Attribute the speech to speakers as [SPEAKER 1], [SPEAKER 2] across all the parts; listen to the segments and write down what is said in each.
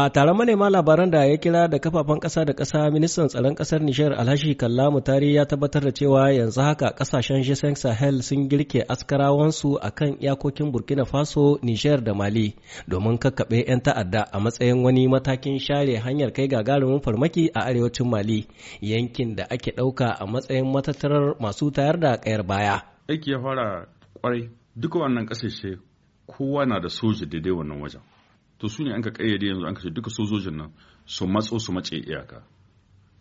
[SPEAKER 1] A taron manema labaran da ya kira da kafafen ƙasa da ƙasa ministan tsaron ƙasar Nishar Alhashi Kalla Mutari ya tabbatar da cewa yanzu haka kasashen g Sahel sun girke askarawansu a kan iyakokin Burkina Faso, Nishar da Mali domin kakkaɓe 'yan ta'adda a matsayin wani matakin share hanyar kai gagarumin farmaki a arewacin Mali, yankin da ake ɗauka a matsayin matattarar masu tayar da ƙayar baya.
[SPEAKER 2] Aiki ya fara kwarai duka wannan ƙasashe kowa na da soja daidai wannan wajen. to su ne an ka kayyade yanzu an ka ce duka sojojin nan su matso su mace iyaka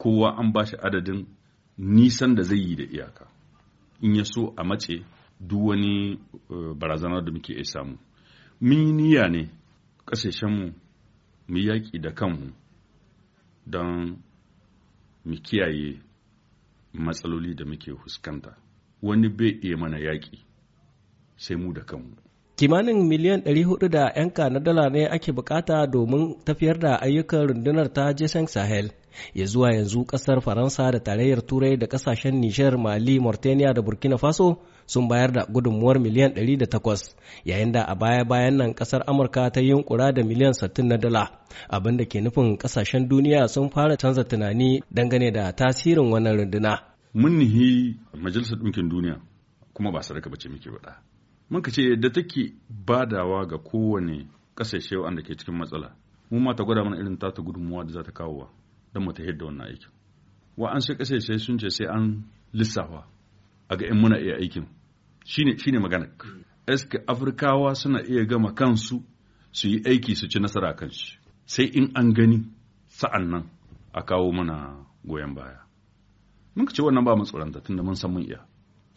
[SPEAKER 2] kowa an ba shi adadin nisan da zai yi da iyaka in ya so a mace duk wani eh, barazanar da muke iya samu mun yi niyya ne ƙasashenmu mu yaƙi da kanmu don mu kiyaye matsaloli da muke fuskanta wani bai iya mana yaƙi sai mu da kanmu
[SPEAKER 1] kimanin miliyan 400 da 'yan na dala ne ake bukata domin tafiyar da ayyukan rundunar ta jason sahel ya zuwa yanzu kasar faransa da tarayyar turai da kasashen nishar mali mauritania da burkina faso sun bayar da gudunmuwar miliyan 108 yayin da a baya-bayan nan kasar amurka ta yi yunkura da miliyan 60 na dala abinda ke nufin kasashen duniya sun fara canza tunani dangane da tasirin wannan runduna
[SPEAKER 2] mun nihi majalisar ɗinkin duniya kuma ba sadaka ce muke faɗa muka ce yadda take badawa ga kowane kasashe wanda ke cikin matsala mu ma ta gwada mana irin tata gudunmuwa da za ta kawo don mu ta da wannan aikin Wa an sai kasashe sun ce sai an lissafa a ga in muna iya aikin shine ne magana eske afirkawa suna iya gama kansu su yi aiki su ci nasara kan shi sai in an gani sa'an nan a kawo mana goyon baya mun ce wannan ba mu tsoranta tunda mun san mun iya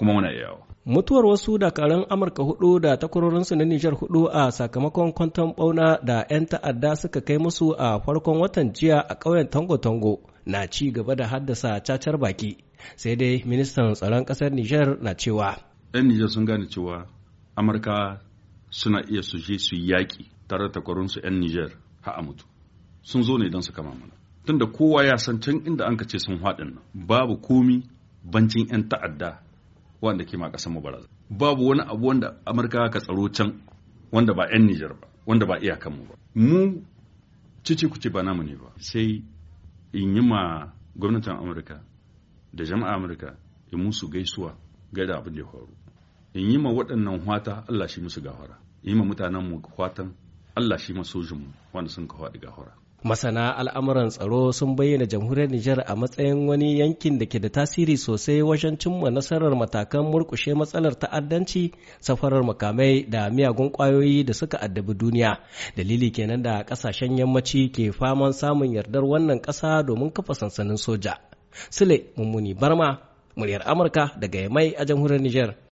[SPEAKER 2] kuma muna iya
[SPEAKER 1] mutuwar wasu dakarun amurka hudu da takwarorinsu na nijar hudu a sakamakon kwanton bauna da 'yan ta'adda suka kai musu a farkon watan jiya a ƙauyen tango-tango na ci gaba da haddasa cacar baki sai dai ministan tsaron ƙasar nijar na cewa
[SPEAKER 2] 'yan nijar sun gane cewa amurka suna iya su je su yaƙi tare da takwarorinsu 'yan nijar har mutu sun zo ne don su kama mana tunda kowa ya san can inda an ce sun haɗin babu komi bancin 'yan ta'adda wanda ke ma kasan mu baraza babu wani abu wanda amurka ka tsaro can wanda ba 'yan nijar ba wanda ba iyakan mu ba mu cici kuci ba namu ne ba sai in yi ma gwamnatin amurka da jama'a amurka in musu gaisuwa ga da abin da ya faru in yi ma waɗannan hwata allah shi musu gafara in yi ma mutanen mu hwatan allah shi masojinmu wanda sun ka hwaɗi
[SPEAKER 1] gafara Masana al'amuran tsaro sun bayyana jamhuriyar Nijar a matsayin wani yankin da ke da tasiri sosai wajen cimma nasarar matakan murkushe matsalar ta'addanci, safarar makamai da miyagun kwayoyi da suka addabi duniya. Dalili kenan da ƙasashen yammaci ke faman samun yardar wannan ƙasa domin kafa sansanin soja. Sule Mummuni Barma, muryar Amurka daga Yamai a jamhuriyar Nijar.